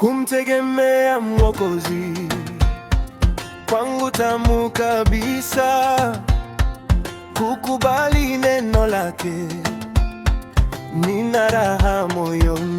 kumtegemea Mwokozi kwangu tamu kabisa, kukubali neno lake, nina raha moyoni.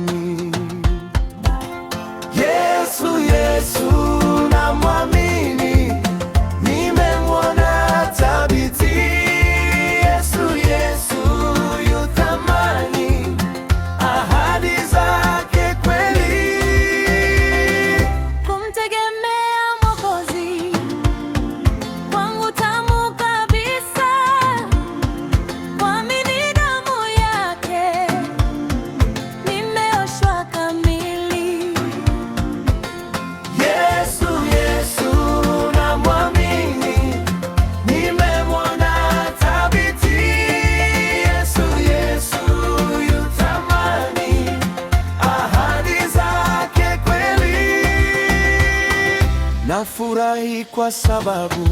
furahi kwa sababu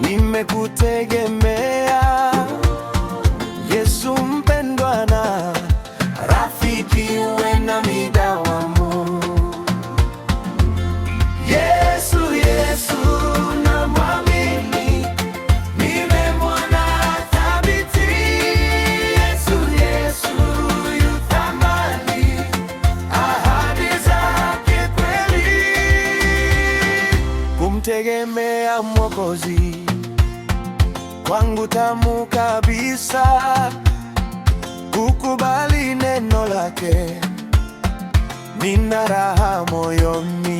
nimekutegemea. kumtegemea Mwokozi kwangu tamu kabisa kukubali neno lake, nina raha moyoni.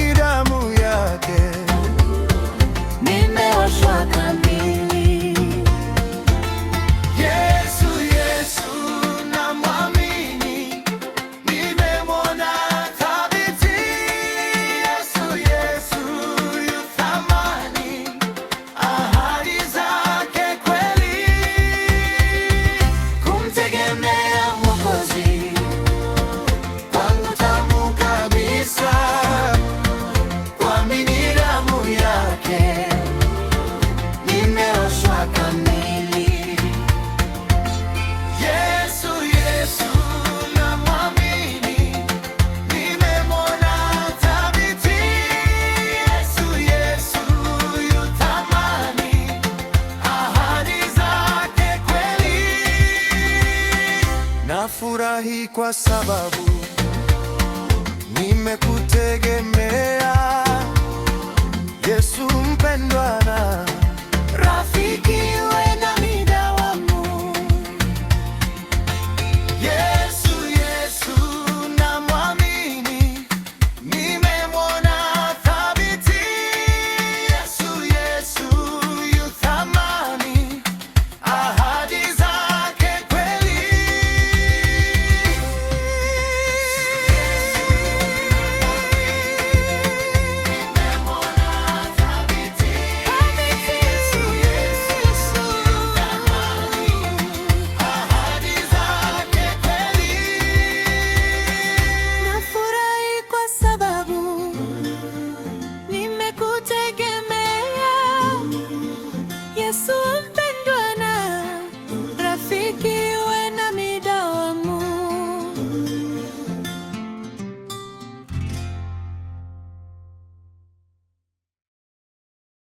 Nimefurahi kwa sababu nimekutana